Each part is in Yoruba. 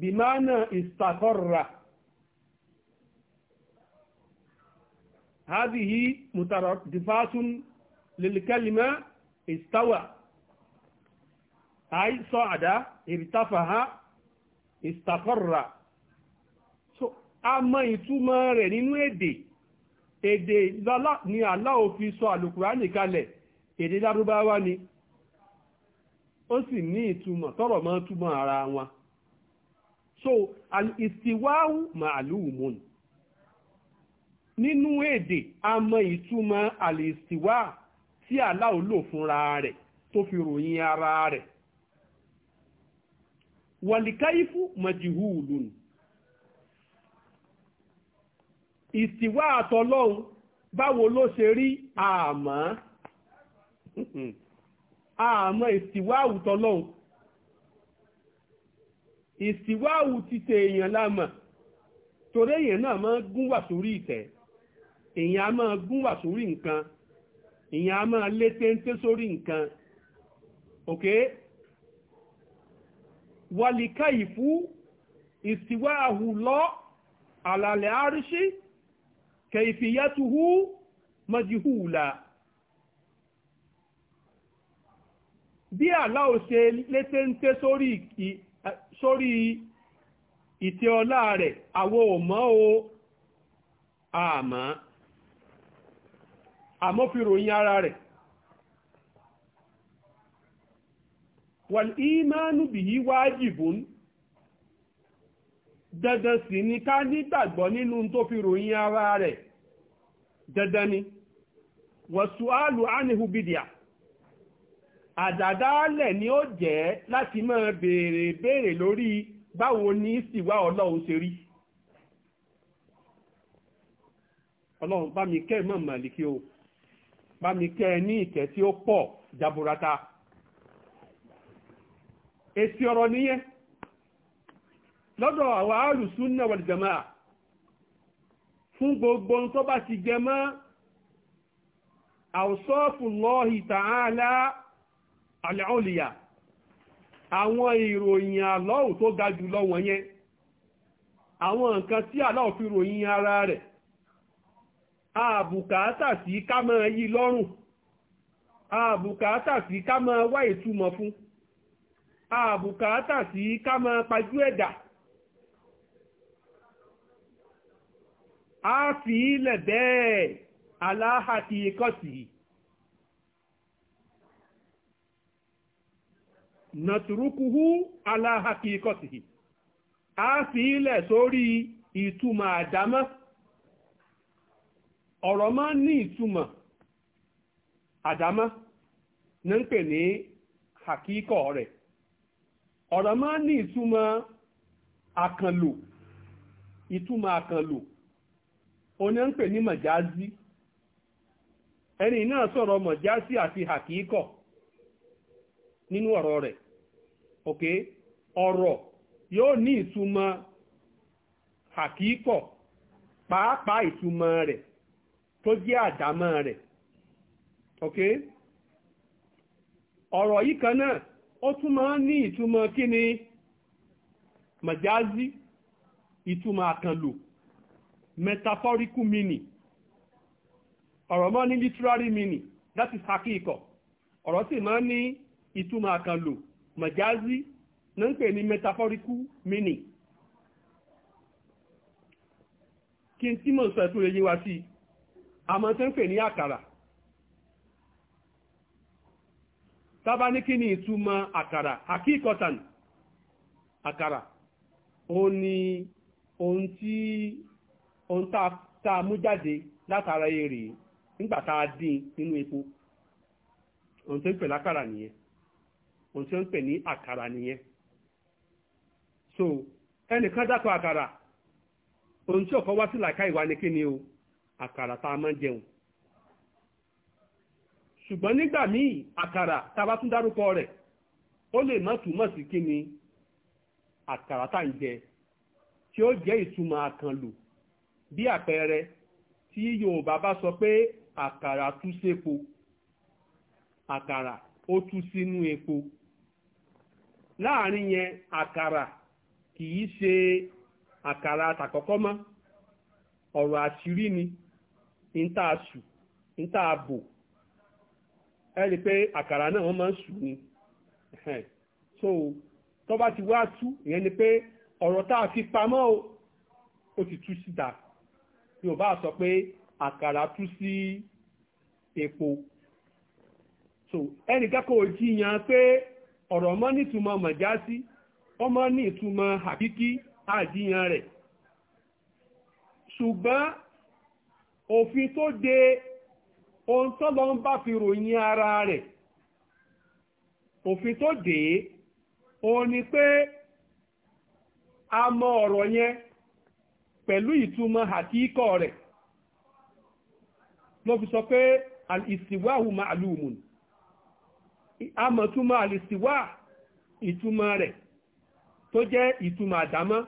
bìmánà ìsàkọ́rà hádìí mùtàràdìfàtún lèlìkẹ́lìmẹ́ ìstáwà àìsọ́ àdá ìrìtàfàá ìsàkọ́rà so a mọ ìtumọ̀ rẹ̀ nínú èdè èdè ni Allah fi sọ àlùkùránì kalẹ̀ èdè lárúbáwá ni ó sì ní ìtumọ̀ tọ́rọ̀ mọ́ túmọ̀ ara wọn so al-istiwa'u ma'lumun nínú èdè a mọ ìtumọ̀ al-istiwa tí Allah lò fúnra rẹ̀ tó fi ròyìn ara rẹ̀ wàlìkáyífù majhulun ìsìwá àtọlọ́hun báwo ló ṣe rí àmọ́ àmọ́ ìsìwá àwùtọlọ́hun ìsìwáwù ti tẹ èèyàn lámà torí èèyàn náà máa gún wà sórí ìtẹ́ èèyàn á máa gún wà sórí nǹkan èèyàn á máa lé téńté sórí nǹkan ok wàlíkàyì fún ìsìwáhù lọ àlàlẹ̀ àríṣí kẹ̀ìfìyàtúhù mọ́jìhùlà bí àlá ò ṣe lé téńté sórí ìkí sórí ìtẹ́ ọlá rẹ̀ àwo òmọ́ o àmọ́ àmọ́ fi ròyìn ara rẹ̀ wal ìmánú bihi wájìbùn dandan sì ni ká nígbàgbọ́ nínú tó fi ròyìn ara rẹ̀ dandan ni wàsùálù ánìhù bìdíà àdàdálẹ̀ ni ó jẹ́ láti máa béèrè béèrè lórí báwo ní ìsìwá ọlọ́run ṣe rí ọlọ́run bá mi kẹ́ ìmọ̀ màlìkí o bá mi kẹ́ ní ìkẹ́ tí ó pọ̀ jaburata èsì ọ̀rọ̀ nìyẹn lọ́dọ̀ àwọn alùsùn náà wal jamaa fún gbogbo tó bá ti jẹ mọ́ àwùsọ́ọ̀fù lọ́hì tààlà àlẹ́ọ̀lìyà àwọn ìròyìn àlọ́ù tó ga jùlọ wọ̀nyẹn àwọn nǹkan tí àlọ́ù fi ròyìn ara rẹ̀ àbùkátà sí ká máa yí lọ́rùn àbùkátà sí ká máa wá ìtumọ̀ fún àbùkátà sí ká pajú ẹ̀dà a fi ilẹ̀ bẹ́ẹ̀ aláhàtì ikọ́ sí i nàtúrúkúhú aláhàkíkọ́tì á fi ilẹ̀ sórí ìtumọ̀ àdámọ́ ọ̀rọ̀ máa ní ìtumọ̀ àdámọ́ ní ń pè ní àkíkọ̀ rẹ̀ ọ̀rọ̀ máa ní ìtumọ̀ àkànlò ìtumọ̀ àkànlò oní ń pè ní mọ̀jáàzí ẹni náà sọ̀rọ̀ mọ̀jáàzí àti nínú ok ọ̀rọ̀ yóò ní ìtumọ̀ àkíkọ̀ pàápàá ìtumọ̀ rẹ̀ tó jẹ́ àdámọ́ rẹ̀ ok ọ̀rọ̀ yìí kan náà ó tún máa ní ìtumọ̀ kí ni màjáàzí ìtumọ̀ àkànlò metaphorical meaning ọ̀rọ̀ máa ní literary meaning that is hakíkọ̀ ọ̀rọ̀ sì máa ń ní ìtumọ̀ àkànlò mọ̀jáàzí náà ń pè ní metaphorical meaning kí n tí mò ń sọ ẹ̀tún lè yé wa sí àmọ́ tó ń pè ní àkàrà tábà ní kí ni ìtumọ̀ àkàrà àkíkọ̀tàn àkàrà ó ní ohun tí ohun tá a mú jáde látara èrè nígbà tá a dín nínú epo ohun tó ń pè lákàrà nìyẹn òun tí wọ́n ń pè ní àkàrà nìyẹn so ẹnìkan dákọ̀ àkàrà ohun tí ọ̀kan wá sí làkà ìwà ni kí ni o àkàrà tá a máa ń jẹun ṣùgbọ́n nígbà míì àkàrà tá a bá tún dárúkọ rẹ̀ ó lè má túmọ̀ sí kí ni àkàrà tá à ń jẹ tí ó jẹ́ ìtumọ̀ àkànlò bí àpẹẹrẹ tí Yorùbá bá sọ pé àkàrà tú sépo àkàrà ó tú sínú epo láàrin yẹn àkàrà kì í ṣe àkàrà àtàkọ́kọ́ mọ́ ọ̀rọ̀ àṣírí ni níta sù níta bò ẹ rí pé àkàrà náà wọ́n máa ń sù ni so tó bá ti wá tú ìyẹn ni pé ọ̀rọ̀ tá a fi pamọ́ o ó ti tú síta Yorùbá sọ pé àkàrà tú sí epo so ẹnìkan kò jiyàn pé ọ̀rọ̀ ọmọ mọ́ nítumọ̀ mọ̀jásí ọmọ mọ́ ní ìtumọ̀ àkíkí àdíyàn rẹ̀ ṣùgbọ́n òfin tó de ohun tó lọ ń bá fi ròyìn ara rẹ̀ òfin tó dé òun ni pé a mọ ọ̀rọ̀ yẹn pẹ̀lú ìtumọ̀ àkíkọ̀ rẹ̀ ló fi sọ pé al-istiwa'u ma'lumun amọ̀túmọ̀ àlìsíwá ìtumọ̀ rẹ̀ tó jẹ́ ìtumọ̀ àdámọ́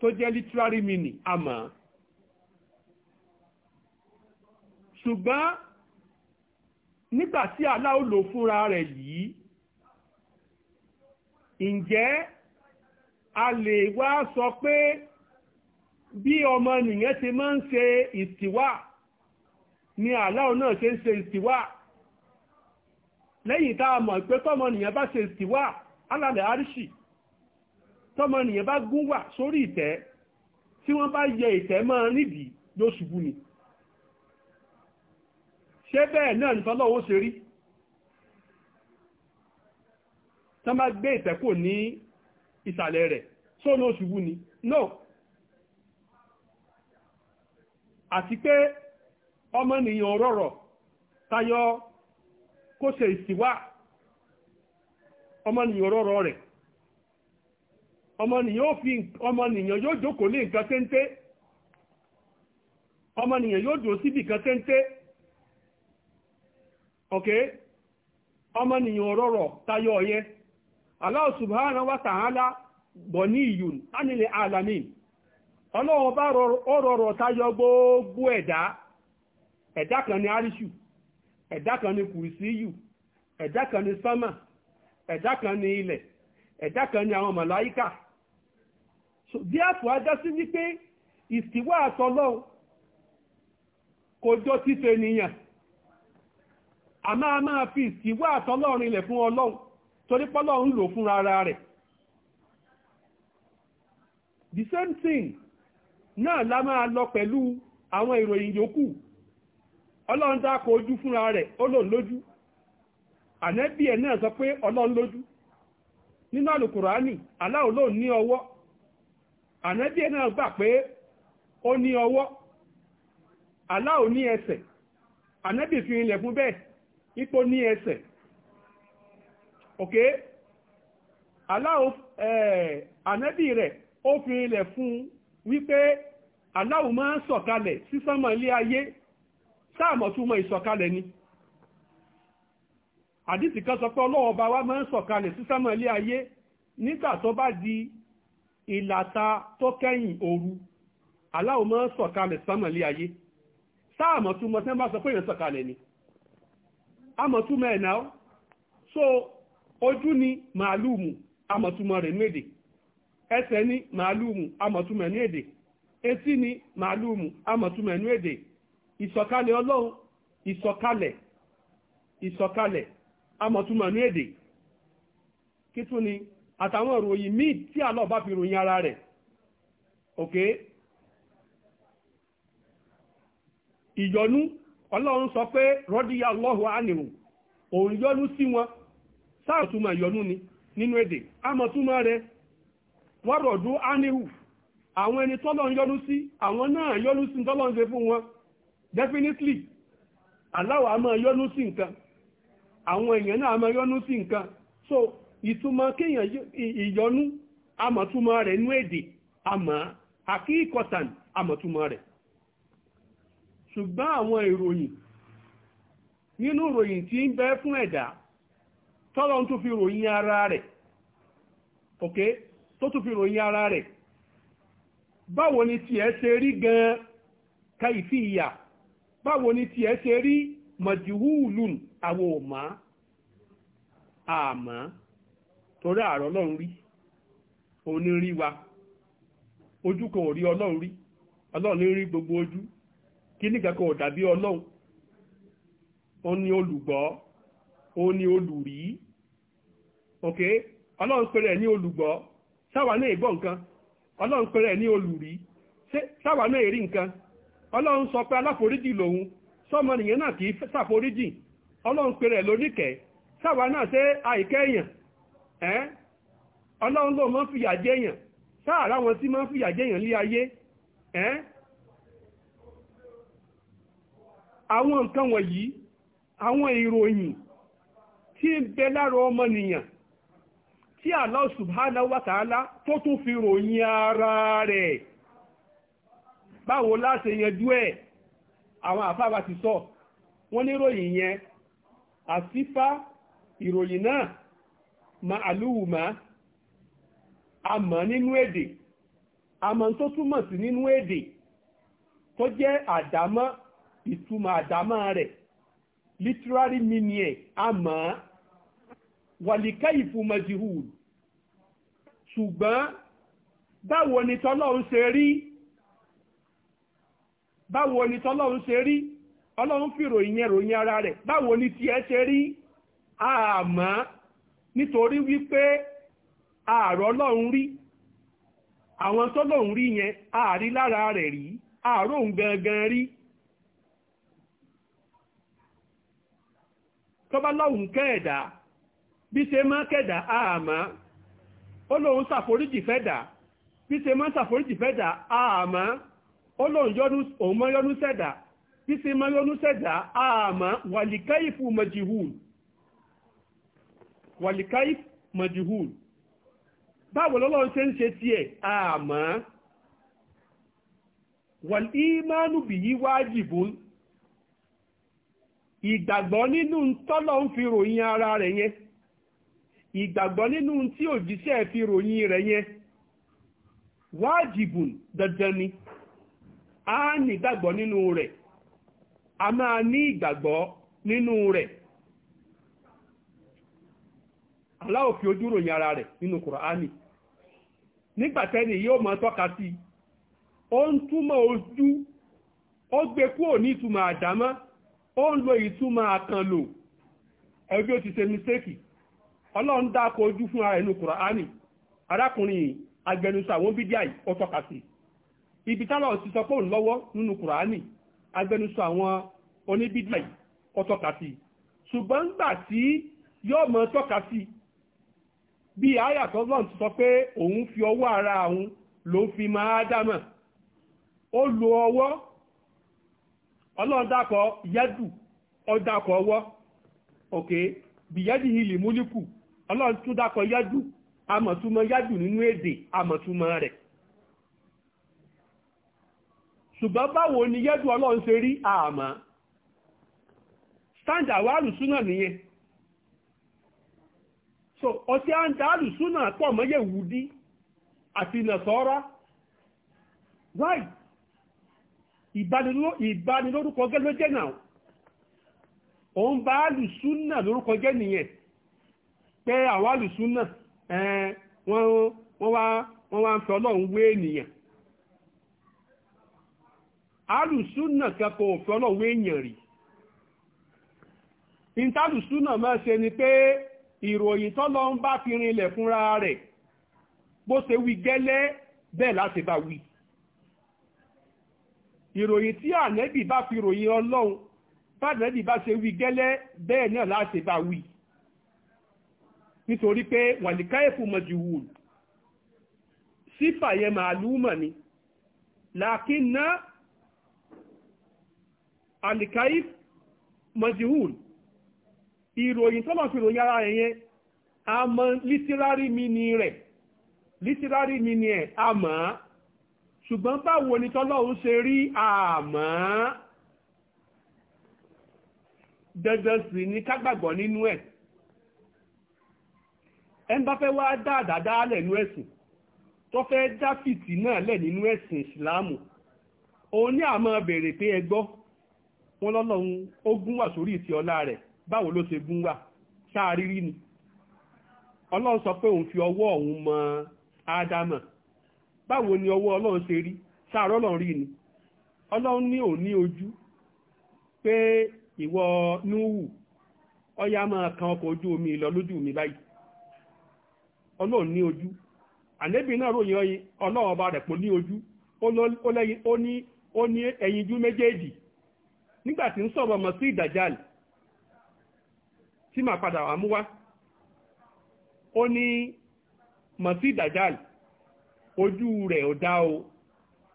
tó jẹ́ literary meaning àmọ́ ṣùgbọ́n nígbà tí aláwo lò fúnra rẹ̀ yìí ǹjẹ́ a lè wá sọ pé bí ọmọ nìyẹn ti máa ń ṣe ìsìwá ni aláwo náà ṣe ń ṣe ìsìwá lẹ́yìn tá a mọ̀ pé tọ́mọnìyàn bá ṣe ìsìwà alálẹ̀ àríṣì tọ́mọnìyàn bá gún wà sórí ìtẹ́ tí wọ́n bá yẹ ìtẹ́ mọ́ nídìí ló ṣubú ni ṣé bẹ́ẹ̀ náà nìkan lọ́wọ́ ṣe rí tán bá gbé ìtẹ́ kò ní ìsàlẹ̀ rẹ̀ só ṣubú ni no àti pé ọmọnìyàn rọ̀rọ̀ tayọ kó ṣe ìsìwá ọmọnìyàn rọrọ rẹ̀ ọmọnìyàn yóò yóò jókòó ní nǹkan ọmọnìyàn yóò dùn síbi kan téńté ok ọmọnìyàn rọrọ tayọ yẹn Allah subhanahu wa ta'ala bọ̀ní ìyùn ánilẹ̀ ọlọ́wọ́ bá rọrọ̀ tayọ gbogbo ẹ̀dá ẹ̀dá kan ẹ̀dá kan ni kùrìsíyù ẹ̀dá kan ni sánmà ẹ̀dá kan ni ilẹ̀ ẹ̀dá kan ni àwọn màláíkà so díàpọ̀ ajá sí wípé ìsìwá àtọlọ́hun kò jọ títò ènìyàn a máa máa fi ìsìwá àtọlọ́run ilẹ̀ fún ọlọ́run torí pọ́lọ́run lò fun ara rẹ̀ the same thing náà la máa lọ pẹ̀lú àwọn ìròyìn yòókù ọlọ́run dákọ̀ ojú fúnra rẹ̀ ọlọ́run lójú ànẹ́bí ẹ̀ náà sọ pé ọlọ́run lójú nínú àlùkùránì aláwọ̀ ní ọwọ́ ànẹ́bí ẹ̀ náà gbà pé ó ní ọwọ́ aláwọ̀ ní ẹsẹ̀ ànẹ́bí fi ilẹ̀ fún bẹ́ẹ̀ ipò ní ẹsẹ̀ òkè ànẹ́bí rẹ̀ ó fi ilẹ̀ fún wípé máa sáàmọ̀ túmọ̀ ìsọ̀kalẹ̀ ni àdìsí kan sọ pé ọlọ́wọ́ bá wa máa sọ̀kalẹ̀ sí sámọ̀ ilé ayé nígbà tó bá di ìlàta tó kẹ́yìn òru aláwọ̀ máa sọ̀kalẹ̀ sí sámọ̀ ilé ayé sáàmọ̀ túmọ̀ tí wọ́n sọ pé èèyàn sọ̀kalẹ̀ ni ẹ̀ so ojú ni màálùmù àmọ̀túmọ̀ rẹ̀ ní èdè ẹsẹ̀ ni màálùmù àmọ̀túmọ̀ ní èdè etí ni màálùmù ìsọ̀kalẹ̀ ọlọ́run ìsọ̀kalẹ̀ ìsọ̀kalẹ̀ amọ̀túnmọ̀ ní èdè kí tún ni àtàwọn ìròyìn míì tí bá fi ròyìn rẹ̀ ok ìyọnú ọlọ́run sọ pé rọ́díyà lọ́hùn ánìrùn òun yọnú sí wọn sáàtúmọ̀ ìyọnú ni nínú èdè amọ̀túnmọ̀ rẹ̀ wọ́rọ̀dún àwọn ẹni yọnú sí àwọn náà yọnú sí ṣe fún wọn definitely aláwọ̀ a máa yọ́nú sí nǹkan àwọn èèyàn náà a máa yọ́nú sí nǹkan so ìtumọ̀ kéèyàn ìyọ́nú àmọ̀túmọ̀ rẹ̀ nú èdè àmọ́ àkíkọ̀tàn àmọ̀túmọ̀ rẹ̀ ṣùgbọ́n àwọn ìròyìn nínú ìròyìn tí ń bẹ fún ẹ̀dá tọ́lọ́ tó fi ròyìn ara rẹ̀ ok tó tún fi ròyìn ara rẹ̀ báwo ni tiẹ̀ ṣe rí gan-an ìyà báwo ni tiẹ̀ ṣe rí mọ̀júhùlùn àwọn òmá àmọ́ torí àárọ̀ ọlọ́run rí òní rí wa ojú kan ò rí gbogbo ojú kí ní kan ò dàbí ọlọ́run ó ní olùgbọ́ ó ní olùrí ok ọlọ́run ní olùgbọ́ sáwa náà nǹkan ọlọ́run ọlọ́run sọ pé aláforíjì lòun sọmọ nìyẹn náà kì ṣàforíjì ọlọ́run pèrè lóníkẹ́ sáwa náà ṣe àìkẹ́ èèyàn ọlọ́run ló máa fìyà jẹ èèyàn sáàrà wọn tí ma fìyà jẹ èèyàn lé ayé àwọn nǹkan wọ̀nyí àwọn ìròyìn tí ń bẹ lára ọmọnìyàn tí subhanahu wa ta'ala tó fi ròyìn ara rẹ̀ báwo láti yanjú ẹ̀ àwọn àfáàbà ti sọ wọ́n níròyìn yẹn àsífá ìròyìn náà ma àlúwùmá a mọ̀ nínú èdè a mọ̀ tó túmọ̀ sí nínú èdè tó jẹ́ àdámọ́ ìtumọ̀ àdámọ́ rẹ̀ literary meaning a mọ̀ wàlíká ìfúnmọ̀jìhù ṣùgbọ́n báwo ni tọ́lọ́run ṣe rí báwo ni tọ́lọ́run ṣe rí ọlọ́run fìrò ìyẹn ròyìn ara rẹ̀ báwo ni tiẹ̀ ṣe rí àmọ́ nítorí wípé ààrọ̀ ọlọ́run rí àwọn tọ́lọ́run rí yẹn ri lára rẹ̀ rí ààrò òun gangan rí tọ́ba lọ́hùn kẹ́ẹ̀dá bí ṣe máa kẹ́ẹ̀dá àmọ́ ó lóun ṣàforíjì fẹ́ dà bí ṣe ṣàforíjì fẹ́ ó lóun sẹ̀dá títí mọ́ yọ́nú sẹ̀dá àmọ́ wàlìkáìfù majihul wàlìkáìf majihul báwo lọ́lọ́run ṣe ń ṣe tiẹ̀ àmọ́ wàlìmánú bìí wájibun ìgbàgbọ́ nínú tọ́lọ ń fi ròyìn ara rẹ̀ yẹn ìgbàgbọ́ nínú tí òjíṣẹ́ fi ròyìn rẹ̀ yẹn dandan ni. a ní ìgbàgbọ́ nínú rẹ̀ a máa ní ìgbàgbọ́ nínú rẹ̀ Allah fi ojú ròyìn ara rẹ̀ nínú Kùránì nígbàtẹ́ni ma máa tọ́ka sí ó ń túmọ̀ ojú ó gbé kúrò ní ìtumọ̀ àdámá ó ń lo ìtumọ̀ àkànlò ẹbí ó ti ṣe mistéèkì ọlọ́run dákọ̀ ojú fún ara nínú Kùránì arákùnrin agbẹnusọ àwọn bídíà yìí ó tọ́ka sí i ibi tálọ̀ ti sọ pé lọ́wọ́ nínú kùránì agbẹnusọ àwọn sí mọ tọ́ka sí bí fi ọwọ́ ara òun ló fi máa dámà ó lo ọwọ́ ọlọ́run yẹ́dù ó ọwọ́ òkè bìyẹ́dì ilẹ̀ múlíkù ọlọ́run yẹ́dù àmọ̀túmọ̀ yẹ́dù ṣùgbọ́n báwo ni yẹ́dù ọlọ́run ṣe rí àmà stand àwárù súnà nìyẹn so ọtí àǹdàárù súnà pọ̀ mọ́yẹ̀ wùdí àti nàṣọ́rá why ìbanilórúkọ gẹ́ ló jẹ́ náà òun bá àlùsúnà lórúkọ jẹ́ nìyẹn pé àwọn àlùsúnà wọ́n wá ń fẹ́ ọlọ́run wé ènìyàn alùsúnà kankan ò fẹ́ ọlọ́run èèyàn rí ìtàlùsúnà máa ṣe ni pé ìròyìn tọ́lọ ń bá fi rinlẹ̀ fúnra rẹ̀ bó ṣe wí gẹ́lẹ́ bẹ́ẹ̀ láti bá wí ìròyìn tí ànẹ́bì bá fi ròyìn ọlọ́run bánẹ́bì bá ṣe wí gẹ́lẹ́ bẹ́ẹ̀ náà láti bá wí nítorí pé wàlíkáyẹ̀fù mọ̀jùwùl sífà yẹn màálùmọ̀ ni làákínná alikaif majihul ìròyìn tọ́lọ̀ fi ròyìn ara ẹ̀yẹn a mọ̀ literary mini rẹ̀ literary mini ẹ̀ a mọ̀ ṣùgbọ́n báwo ni tọ́lọ́hun ṣe rí àmọ́ dandan sì ni ká gbàgbọ́ nínú ẹ̀ ẹ ń bá fẹ́ wá dáadáa lẹ̀ nínú ẹ̀sìn tó fẹ́ dá fìtì náà lẹ̀ nínú ẹ̀sìn ìsìláàmù òun ní àmọ́ béèrè pé ẹ gbọ́ wọ́n lọ́lọ́run ó gún wà sórí ìtì ọlá rẹ̀ báwo ló ṣe gún wà sáàrírí ni ọlọ́run sọ pé òun fi ọwọ́ òun mọ ádámà báwo ni ọwọ́ ọlọ́run ṣe rí sáàrọ́ ọlọ́run rí ni ọlọ́run ní òun ní ojú pé ìwọ núhù ọya máa kan ọkọ̀ ojú omi lọ lójú mi báyìí ọlọ́run ní ojú ànẹ́bì náà ròyìn ọlọ́run ọba rẹ̀ pò ní ojú ó ní ẹyinjú méjèèjì nigbati tí ń sọ̀rọ̀ mọ̀ sí ìdàjálì tí màá padà wà mú wá ó ní mọ̀ sí ìdàjálì ojú rẹ̀ ò o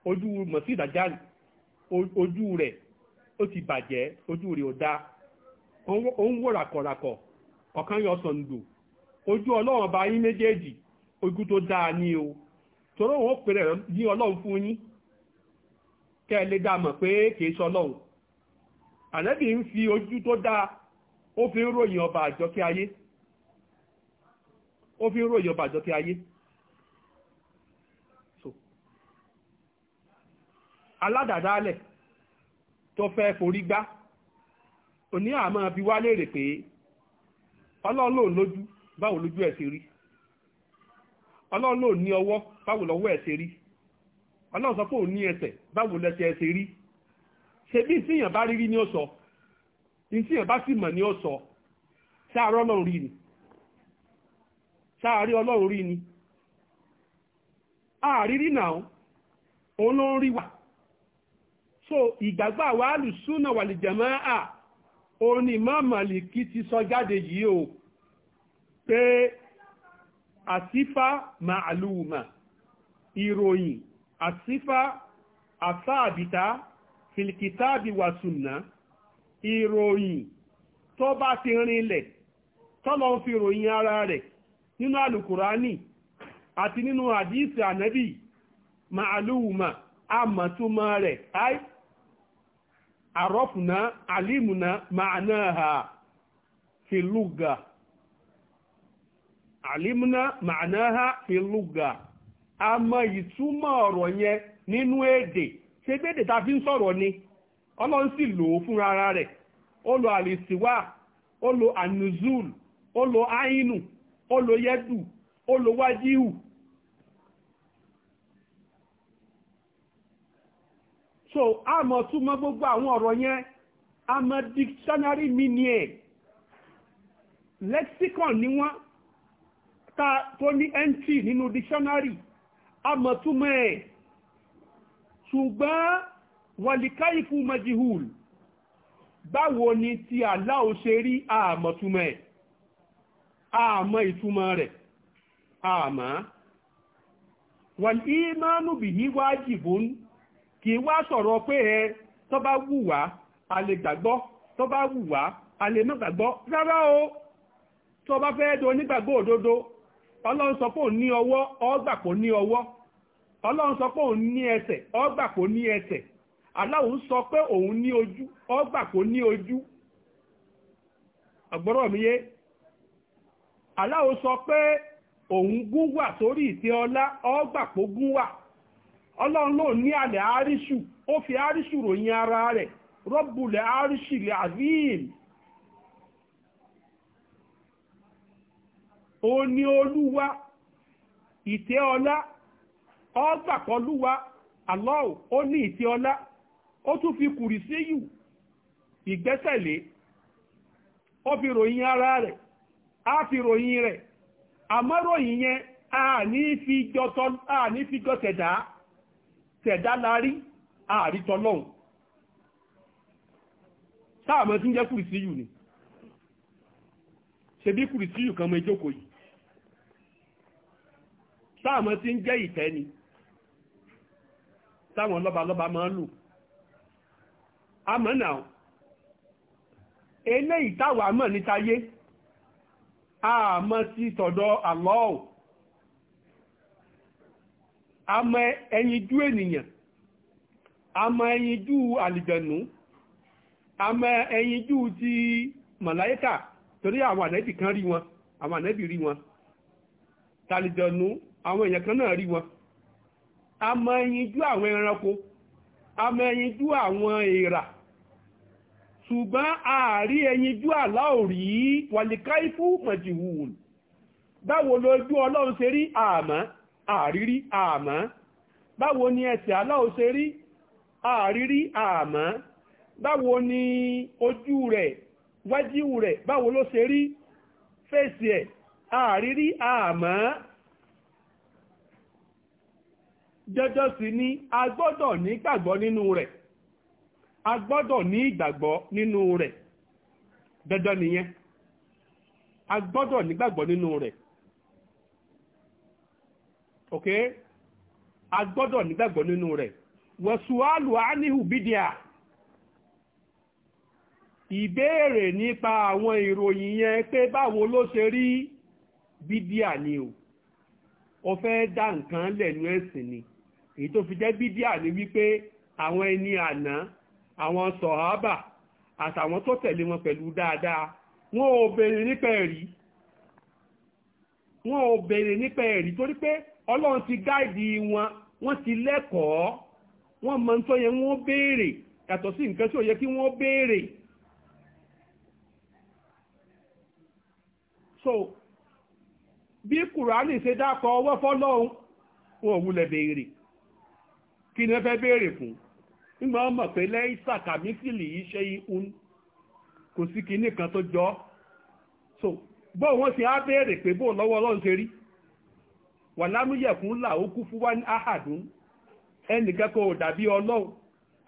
ojú mọ̀ sí ìdàjálì ojú rẹ̀ ó ti bàjẹ́ ojú rẹ̀ ò dá ó ń wò ràkọ̀ràkọ̀ ọ̀kan yọ sọ̀ǹdò ojú ọlọ́run ọba yín méjèèjì ojú tó dáa ní o tọ́rọ̀ wọn pèrè ní ọlọ́run fún yín kẹ́ ẹ lè dá mọ̀ pé ànábì ń fi ojú tó dáa ó fi ń ròyìn ọba àjọkẹ́ ayé ó fi ń ròyìn ọba àjọkẹ́ ayé so aládàdálẹ̀ tó fẹ́ forí gbá òní àmọ́ bí wá léèrè pé ọlọ́run lòun lójú báwo lójú ẹ̀ ṣe rí ọlọ́run lòun ní ọwọ́ báwo lọ́wọ́ ẹ̀ ṣe rí ọlọ́run sọ pé ṣe bí tíyàn bá rírí ní ó sọ ní tíyàn bá sì mọ̀ ní ó sọ ọlọ́run rí ni sáàrí ọlọ́run rí ni àrírí náà òun ló ń rí wà so ìgbàgbọ́ àwọn alùsúnà wà lè jẹ̀mọ́ à òun ni mọ́mọ̀lìkì ti sọ jáde yìí o pé àsífà màálùmà ìròyìn àsífà àfáàbìtá fìlìkìtàbí wà sùnà ìròyìn tó bá fi rinlẹ̀ tọ́lọ́ fi ròyìn ara rẹ̀ nínú àlùkùránì àti nínú àdíìsì ma màálùmà àmàtúmọ̀ rẹ̀ áì àrọ́fùnà àlìmùnà màánáà fìlúgà àlìmùnà màánáà fìlúgà àmọ̀ ìtumọ̀ ọ̀rọ̀ yẹn nínú èdè ṣe gbédè ta fi ń sọ̀rọ̀ ni ọlọ́run sì lò ó fúnra ara rẹ̀ ó lo àlèsíwá ó lo anuzul ó lo ainu ó lo yẹ́dù ó lo wájíhù so a mọ̀ túmọ̀ gbogbo àwọn ọ̀rọ̀ yẹn a mọ̀ dictionary meaning lexicon ni wọ́n ta tó ní entry nínú dictionary a mọ̀ túmọ̀ ẹ̀ ṣùgbọ́n wàlìkáìfù majihul báwo ni ti Allah ó ṣe rí àmọ̀túmọ̀ ẹ̀ àmọ́ ìtumọ̀ rẹ̀ àmọ́ wàlìmánú bìí wájibun kì í wá sọ̀rọ̀ pé ẹ tó bá wù wá a lè gbàgbọ́ tó bá wù wá a lè má gbàgbọ́ rárá o tó bá fẹ́ do onígbàgbọ́ òdodo ọlọ́run sọ pé ò ní ọlọ́run sọ pé òun ní ẹsẹ̀ ọgbà kò ní ẹsẹ̀ aláwo sọ pé òun ní ojú ọgbà kò ní ojú ọgbọ́rọ̀ mi yé aláwo sọ pé òun gún wà sórí ìtẹ́ ọlá ọgbà kò gún wà ọlọ́run ló ní alẹ̀ àríṣù ó fi àríṣù ròyìn ara rẹ̀ rọ́bùlẹ̀ àríṣì lè àzíìm ó ní olúwa ìtẹ́ ọlá ọgbàpọ̀lúwa àlọ́ọ̀ ó ní ìtì ọlá ó tún fi kùrì sí yù ìgbẹ́sẹ̀lé ó fi ròyìn ara rẹ̀ á fi ròyìn rẹ̀ àmọ́ ròyìn yẹn ní fi jọ tẹ̀dá tẹ̀dá larí àrítọ́lọ́hùn sáàmọ́ tí ń jẹ́ kùrì sí yù ni ṣe bí kùrì sí yù kan táwọn lọ́balọ́ba máa ń lù àmọ́ náà eléyìí táwa mọ̀ nítayé àmọ́ sí tọ̀dọ̀ Allah àmọ́ ẹyinjú ènìyàn àmọ́ ẹyinjú àlìjẹ̀nú àmọ́ ẹyinjú ti màláíkà torí àwọn ànẹ́bì kan rí wọn àwọn ànẹ́bì rí wọn tàlìjẹ̀nú àwọn èèyàn kan náà rí wọn a mọ ẹyinjú àwọn ẹranko a mọ ẹyinjú àwọn èèrà ṣùgbọ́n ààrí ẹyinjú àlá ò rí wàlìkáìfù mọ̀jìwùn báwo lójú ọlọ́run ṣe rí àmọ́ àrírí àmọ́ báwo ni ẹsẹ̀ àlá ò ṣe rí àrírí àmọ́ báwo ni ojú rẹ̀ wájú rẹ̀ báwo ló ṣe rí fèsì ẹ̀ àrírí àmọ́ dandan si ni a gbọ́dọ̀ ní ìgbàgbọ́ nínú rẹ̀ a gbọ́dọ̀ ní ìgbàgbọ́ nínú rẹ̀ dandan nìyẹn a gbọ́dọ̀ gbàgbọ́ nínú rẹ̀ ok a gbọ́dọ̀ gbàgbọ́ nínú rẹ̀ wọ̀sùwálù áníhù bídíà ìbéèrè nípa àwọn ìròyìn yẹn pé báwo ló ṣe ni o fẹ́ dá nǹkan ni èyí tó fi jẹ́ bídíà ni wípé àwọn ẹni àná àwọn sọ̀hábà àtàwọn tó tẹ̀lé wọn pẹ̀lú dáadáa wọn ò béèrè nípa ẹ̀rí wọn ò béèrè nípa ẹ̀rí torí pé ọlọ́run ti gáìdì wọn wọ́n ti lẹ́kọ̀ọ́ wọ́n mọ tó yẹ wọ́n béèrè yàtọ̀ sí nǹkan tí ò yẹ kí wọ́n béèrè. so bí kùránì ṣe dákọ̀ ọwọ́ fọ́lọ́run wọn ò wulẹ̀ béèrè kí ni wọ́n fẹ́ béèrè fún nígbà wọ́n mọ̀ pé lẹ́yìn sàkàmísìlì yìí ṣe ihun kò sí kinní kan tó jọ so bó wọ́n sì á béèrè pé bó lọ́wọ́ ọlọ́run ṣe rí wà lámúyẹ̀kún là ó kú fún wá ní áhàdùn ẹnìkan kò dàbí ọlọ́run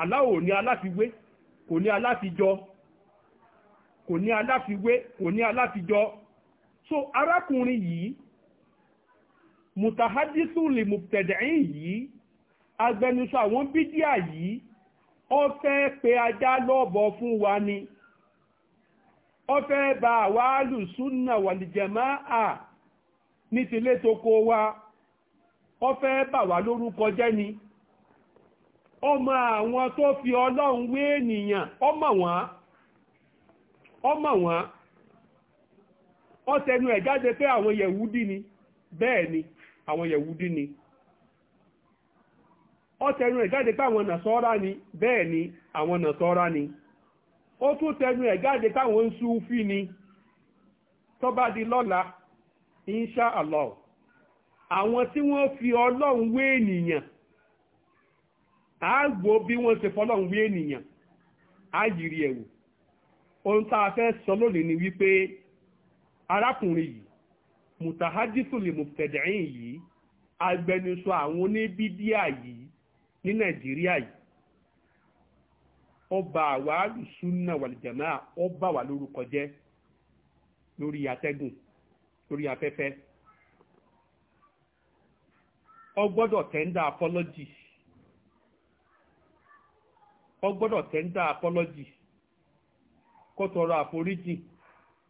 aláwò ní aláfiwé kò ní aláfijọ kò ní aláfiwé kò ní aláfijọ so arákùnrin yìí mutahadisun lè yìí agbẹnusọ àwọn bídíà yìí ó fẹ́ pe ajá lọ́bọ̀ fún wa ni ó fẹ́ ba àwa alùsùnà wàlìjẹ̀má à ní tilé toko wa ó fẹ́ bà wá lórúkọ jẹ́ ni ọmọ àwọn tó fi ọlọ́run wé ènìyàn ọmọ wọn ọmọ wọn ó tẹnu ẹ̀ jáde pé àwọn yẹ̀wúdí ni bẹ́ẹ̀ ni àwọn yẹ̀wúdí ni ọ tẹnu ẹ̀ jáde pé àwọn ni bẹ́ẹ̀ ni àwọn nàṣọ́ra ni ó tún tẹnu ẹ̀ jáde táwọn ń súfí ni tó di lọ́la insha allah àwọn tí wọn fi ọlọrun wé ènìyàn á gbọ́ bí wọn ṣe fọlọ́run wé ènìyàn á yìí ẹ̀wò ohun tá a fẹ́ sọ lónìí ni wípé arákùnrin yìí mùtàhádìsùn lè mùtẹ̀dẹ̀yìn yìí agbẹnusọ àwọn oníbídíà yìí ní nàìjíríà yìí ọba àwa alùsùnà wàlìjàmá ọba wà lórúkọ jẹ lórí atẹ́gùn lórí afẹ́fẹ́ ọ gbọ́dọ̀ tẹ́ńdà ọgbọdọ ọ gbọ́dọ̀ kọtọrọ apọ́lọ́jì kó tọrọ àforíjì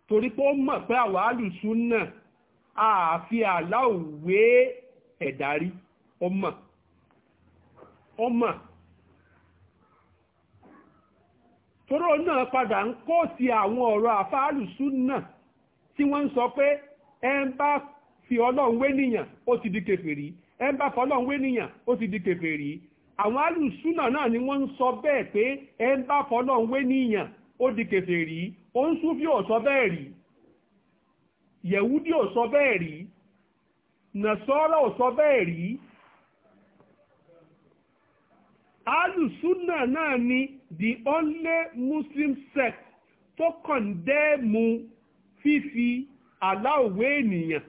torí pé ó mọ̀ pé àwa alùsùnà àfi àláòwé ẹ̀dárí mọ̀. ọmọ tóró náà padà ń kó sí àwọn ọ̀rọ̀ àfáàlùsù náà tí wọ́n ń sọ pé ẹ ń bá fi ọlọ́run wé nìyàn ó ti di kèfèrí ẹ ń bá wé nìyàn ó ti di kèfèrí àwọn naa náà ni wọ́n ń sọ bẹ́ẹ̀ pé ẹ ń bá fọlọ́run wé nìyàn ó di sọ bẹ́ẹ̀ rí ò sọ bẹ́ẹ̀ rí nàṣọ́rọ̀ ò sọ bẹ́ẹ̀ rí alùsúnà náà ni only muslim sect tó kọ̀ndẹ́ẹ̀mù fífi aláòwé ènìyàn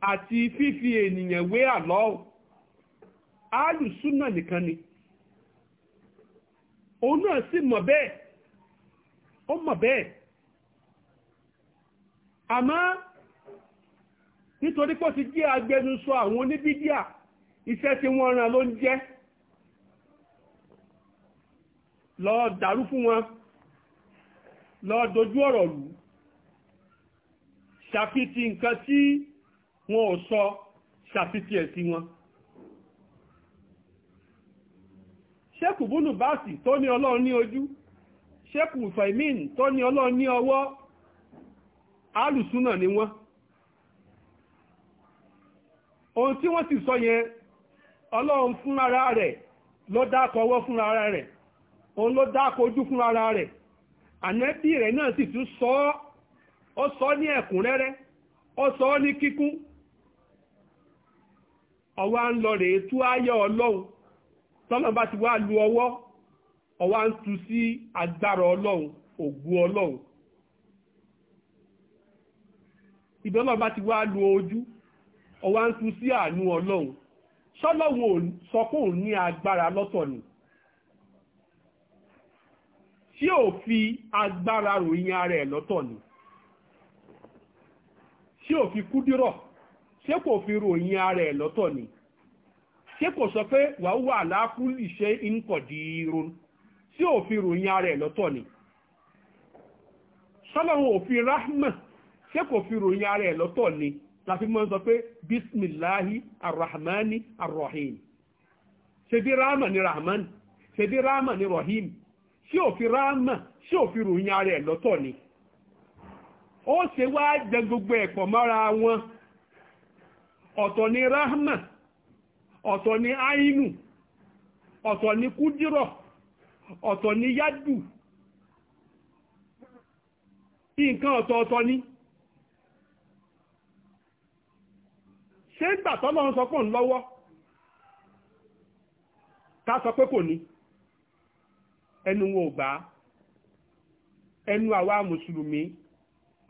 àti fífi ènìyàn wé àlọ́ọ̀ alùsúnà nìkan ni òun náà sì mọ̀ bẹ́ẹ̀ ó mọ̀ bẹ́ẹ̀ àmọ́ nítorí agbẹnusọ àwọn oníbídíà iṣẹ́ tí wọ́n ló lọ dàrú fún wọn lọ dojú ọ̀rọ̀ lù ṣàfitì nǹkan tí wọn ò sọ ṣàfitì ẹ̀ sí wọn Sheku búnú báàsì tó ní ọlọ́run ní ojú ṣẹ́kù fẹ̀mín tó ní ọlọ́run ní ọwọ́ alùsúnà ni wọn. ohun tí wọ́n sì sọ yẹn ọlọ́run fúnra rẹ̀ ló dákọwọ́ fúnra rẹ̀ òun ló dákọ̀ ojú fún ara rẹ̀ ànẹ́bí rẹ̀ náà sì tún sọ ọ́ sọ ọ́ ní ẹ̀kúnrẹ́rẹ́ ó sọ ọ́ ní kíkún ń lọ rèé tú ọlọ́run bá ti wá lu ọwọ́ ọwá ń tu sí agbára ọlọ́run ọlọ́run lu ojú ń tu sí àánú ọlọ́run tí ò fi agbára ròyìn ara ẹ̀ lọ́tọ̀ ni tí ò fi kúdírọ̀ ṣé kò fi ròyìn ara ẹ̀ lọ́tọ̀ ni ṣé kò sọ pé wàá wà lákúlì ṣe ń kọ̀dí irun tí ò fi ròyìn ara ẹ̀ lọ́tọ̀ ni sọ́lọ́run ò fi ṣé kò fi ròyìn ara ẹ̀ lọ́tọ̀ ni láti mọ́ sọ pé bismillahi arrahmani arrahim ṣe bí rahma ni rahman ṣe bí rahma ni rahim tí òfin fi ráàmà tí òfin fi ròyìn ara ẹ̀ lọ́tọ̀ ni ó ṣe wá jẹ gbogbo ẹ̀pọ̀ mọ́ra wọn ọ̀tọ̀ ni ráàmà ọ̀tọ̀ ni áínù ọ̀tọ̀ ni kúdírọ̀ ọ̀tọ̀ ni yádù nǹkan ọ̀tọ̀ọ̀tọ̀ ni ṣé ń gbà tọ́lọ́run sọ pé ń ká sọ pé kò ní ẹnu wọn ò gbà ẹnu àwa mùsùlùmí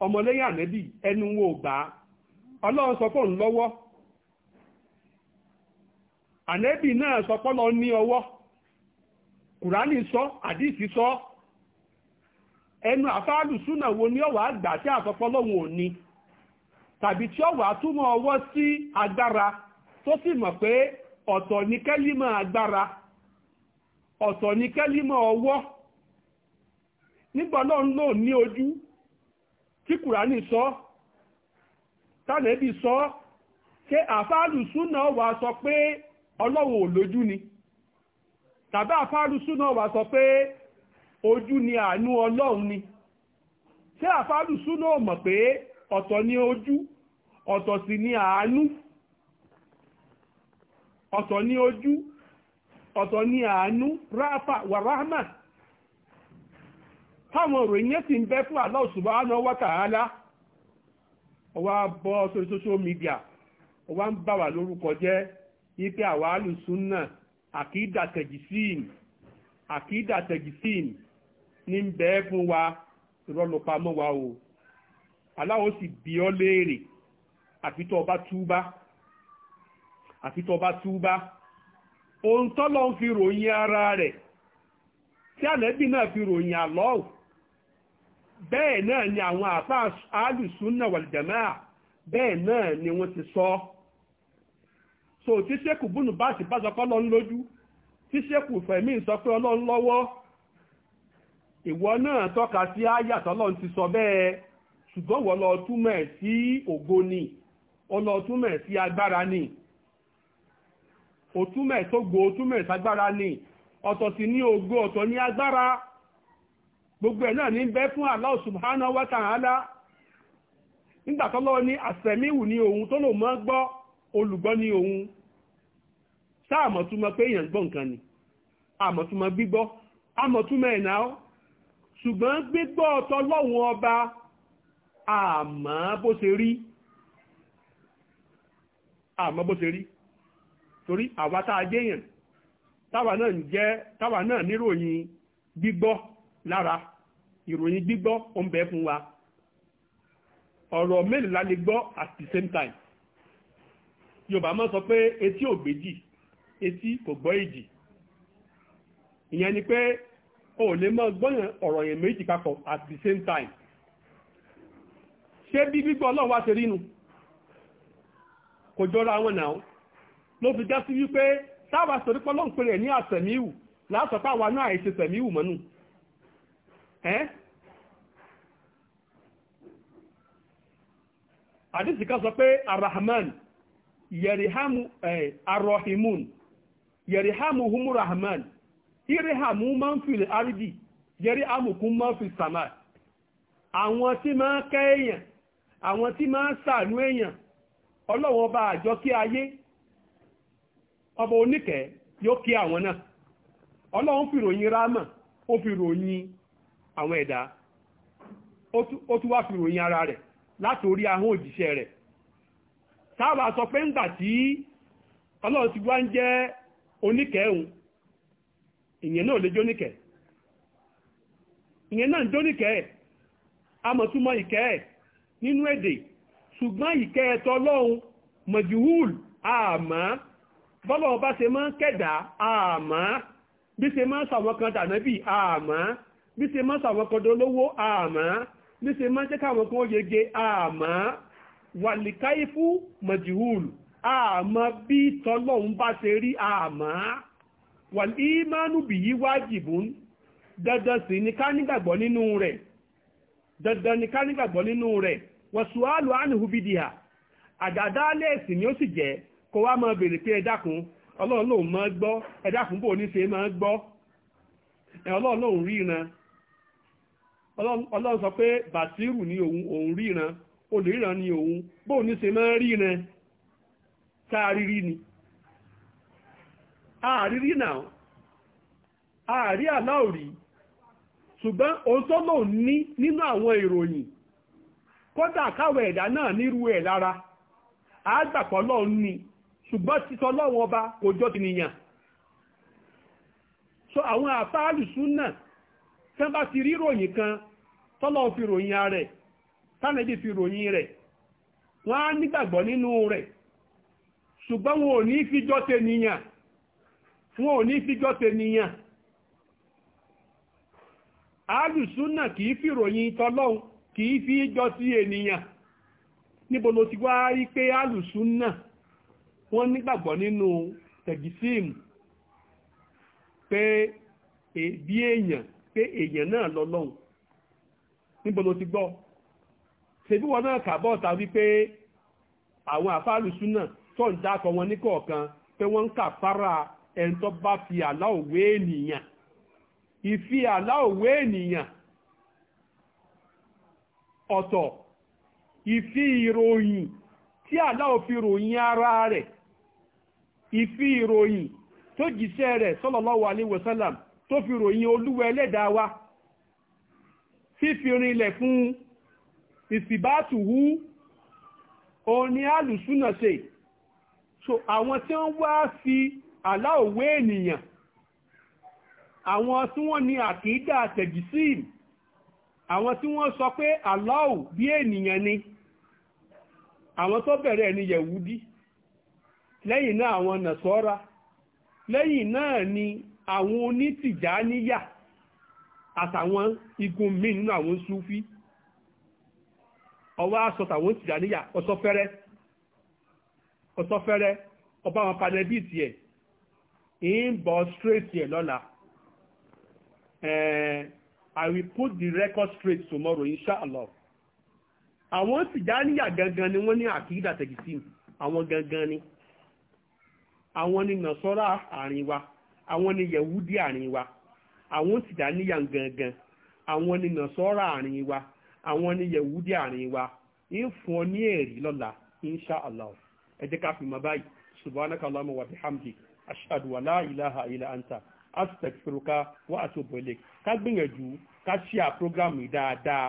ọmọlẹ́yìn ànẹ́bì ẹnu wọn ò ọlọ́run sọ fóun lọ́wọ́ ànẹ́bì náà sọ pọ́lọ ní ọwọ́ kùránì sọ àdìsí sọ ẹnu àfáàlù súnà wo ni ọwà àgbà tí àsọpọ́lọ́hun ò tàbí tí ọwà túmọ̀ ọwọ́ sí agbára tó sì mọ̀ pé ọ̀tọ̀ ní kẹ́límọ̀ agbára ọ̀tọ̀ ní kẹ́límọ̀ ọwọ́ nígbà náà lò ní ojú tí kùránì sọ tánẹ́bì sọ ṣé àfáàlùsù wà sọ pé ọlọ́wọ̀ ni tàbí àfáàlùsù wà sọ pé ojú ni àánú ọlọ́run ni ṣé mọ̀ pé ọ̀tọ̀ ni ojú ọ̀tọ̀ sì ni àánú ọ̀tọ̀ ni ojú ọ̀tọ̀ ni àánú ráfà wà ráhámà táwọn òròyìn yẹn sì ń bẹ fún Allah subhanahu wa ta'ala ọwá bọ́ sórí social media ọwá ń bà wà lórúkọ jẹ́ ipe àwa alùsùnà àkídà tẹ̀jìsìn àkídà tẹ̀jìsìn ní ń bẹ fún wa ìrọlùpamọ́ wa o Allah ó sì bi ọ́ léèrè àfi bá túbá àfi bá túbá. ohun lọ ń fi ròyìn ara rẹ̀ tí ànẹ́bì náà fi ròyìn àlọ́ọ̀ bẹ́ẹ̀ náà ni àwọn àpá alùsùnà wàlìjàmáà bẹ́ẹ̀ náà ni wọ́n ti sọ so tí sẹ́kù búnú bá sì bá sọpọ́ lọ lójú tí sẹ́kù fẹ̀mí sọ pé ọlọ́run lọ́wọ́ ìwọ náà tọ́ka sí ti sọ bẹ́ẹ̀ ṣùgbọ́n wọ́n lọ túmọ̀ sí ògo ni ọlọ́túmọ̀ sí agbára ni. òtúmẹ̀ tó gbò òtúmẹ̀ sagbára ni ọ̀tọ̀ sì ní ògo ọ̀tọ̀ ní agbára gbogbo ẹ̀ náà ní bẹ́ fún Allah subhanahu wa ní àsẹ̀míwù ni òun tó lò mọ́ gbọ́ olùgbọ́ ni òun sáàmọ̀túmọ̀ pé èèyàn gbọ́ nǹkan ni àmọ̀túmọ̀ gbígbọ́ àmọ̀túmọ̀ ẹ̀nà ọ́ ṣùgbọ́n gbígbọ́ tọ́lọ́hun ọba àmọ́ bó ṣe rí àmọ́ bó ṣe rí torí àwa tá a jẹ́yàn táwa náà ń jẹ́ táwa náà níròyìn gbígbọ́ lára ìròyìn gbígbọ́ ó ń bẹ fún wa ọ̀rọ̀ mélòó la lè gbọ́ at the same time yorùbá máa sọ pé etí ò gbèjì etí kò gbọ́ èjì ìyẹn ni pé o lè máa gbọ́yàn ọ̀rọ̀ yẹn méjì papọ̀ at the same time ṣé bí gbígbọ́ ọlọ́run wá ṣe rínu kò jọra wọn náà ló fi já sí wípé táwa sọ̀rí pọ́ lọ́n pèrè ní àtẹ̀míwù láàtọ̀ táwa náà àìṣe tẹ̀míwù mọ́nù àdìsí kan sọ pé arahman yẹ̀rìhámù arọ̀hìmùn yẹ̀rìhámù humurahman ìrìhámù máa ń fìlẹ̀ àrídì yẹ̀rìhámù kún máa ń fi sàmà àwọn tí máa kẹ́ èèyàn àwọn tí máa ń sàánú èèyàn ọlọ́wọ́ bá àjọ kí ayé ọba oníkẹ́ yóò kí àwọn náà ọlọ́run fi ròyìn rámà ó fi ròyìn àwọn ẹ̀dá ó tún wá fi ara rẹ̀ láti orí ahọ́n òjíṣẹ́ rẹ̀ táwa sọ pé ńgbà tí ọlọ́run ti wá ń jẹ́ oníkẹ́ òun ìyẹn náà lè jóníkẹ́ ìyẹn náà ń jóníkẹ́ ẹ̀ ìkẹ́ ẹ̀ nínú bọ́lọ̀ ọba ṣe máa ń àmọ́ bí ṣe máa sàwọn kan dànábì àmọ́ bí ṣe máa maa sàwọn kan dolówó àmọ́ bí ṣe máa jẹ́ káwọn kan yege àmọ́ wàlìkáífù àmọ́ bí tọ́lọ́hún bá ṣe rí àmọ́ wàlìmánú bìyí wájìbùn dandan sì ni ká nígbàgbọ́ nínú rẹ̀ dandan ni ká nígbàgbọ́ nínú rẹ̀ ánìhùbìdìhà ni ó sì jẹ́ kó wá máa béèrè pé ẹ dákun ọlọ́run lòun máa gbọ́ ẹ dákun bò ní ṣe máa gbọ́ ọlọ́run lòun ríran ọlọ́run sọ pé bàtírù ni òun òun ríran olèríran ni òun bò ní ṣe máa ríran káàrírí ni àrírí náà àrí àláòrí ṣùgbọ́n òun tó lòun ní nínú àwọn ìròyìn kódà káwẹ̀ ẹ̀dá náà nírú ẹ̀ lára àágbàpọ̀ lọ́ọ̀ ní ṣùgbọ́n títọ́ lọ́wọ́ ọba kò jọ ti nìyàn so àwọn àfáàlù súnà tán bá ti rí ròyìn kan tọ́lọ́ fi ròyìn rẹ̀ tánàbí fi ròyìn rẹ̀ wọ́n á nígbàgbọ́ nínú rẹ̀ ṣùgbọ́n wọn ò ní fi jọ ti nìyàn wọn ò ní fi jọ ti nìyàn àálùsúnà kìí fi ròyìn kì kìí fi jọ sí ènìyàn níbo ló ti wá rí pé àálùsúnà wọ́n nígbàgbọ́ nínú tẹ̀gísíìmù pé e, bí èèyàn pé èèyàn náà lọ́lọ́hùn níbo ló ti gbọ́ ṣèbí wọn náà kàbọ̀ ta wípé àwọn àfáàlùsù náà tó ń dákọ̀ wọn ní kọ̀ọ̀kan pé wọ́n ń kà fara ẹni tó bá fi àlá òwe ènìyàn ìfi àlá òwe ènìyàn ọ̀tọ̀ ìfi ìròyìn tí àlá òfin ròyìn ara rẹ̀ ìfi ìròyìn tó jíṣẹ́ rẹ̀ sallallahu alaihi wasallam tó fi ròyìn olúwa ẹlẹ́dàá wa fífi rinlẹ̀ fún ìsìbátù hú òun ni alùsúnà ṣe so àwọn tí wọ́n wá fi aláòwé ènìyàn àwọn tí wọ́n ní àkídà tẹ̀gìsíìmù àwọn tí wọ́n sọ pé aláò bí ènìyàn ni àwọn tó bẹ̀rẹ̀ ni yẹ̀wúdí lẹ́yìn náà àwọn nàṣọ́ra lẹ́yìn náà ni àwọn onítìjáníyà àtàwọn igun míì nínú àwọn súfí ọwọ́ aṣọ tàwọn tìjáníyà ọ̀sọ́fẹ́rẹ́ ọ̀sọ́fẹ́rẹ́ ọba àwọn panẹ́bí tiẹ̀ ń bọ̀ straight yẹ lọ́la I will put the record straight tomorrow inshallah àwọn tìjáníyà gangan ni wọ́n ní àkídà tẹ̀gìsí àwọn gangan ni. àwọn ni nàṣọ́rà àárín wa àwọn ni yẹ̀wúdí àárín wa àwọn sì dá níyà gangan àwọn ni nàṣọ́rà àárín wa àwọn ni yẹ̀wúdí àárín wa ń fún ọ ní ẹ̀rí lọ́la insha ẹ jẹ́ ká fi mọ báyìí subhanaka allahumma wa bihamdik ashhadu wa la ilaha illa anta astaghfiruka wa atubu ilaik ká gbìyànjú ká ṣíà prógrámù yìí dáadáa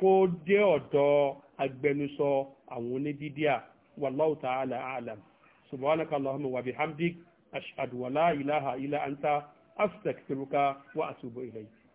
kó dé ọ̀dọ̀ agbẹnusọ àwọn oníbídíà wallahu ta'ala a'lam. سبحانك اللهم وبحمدك أشهد ولا إله إلا أنت أستغفرك وأتوب إليك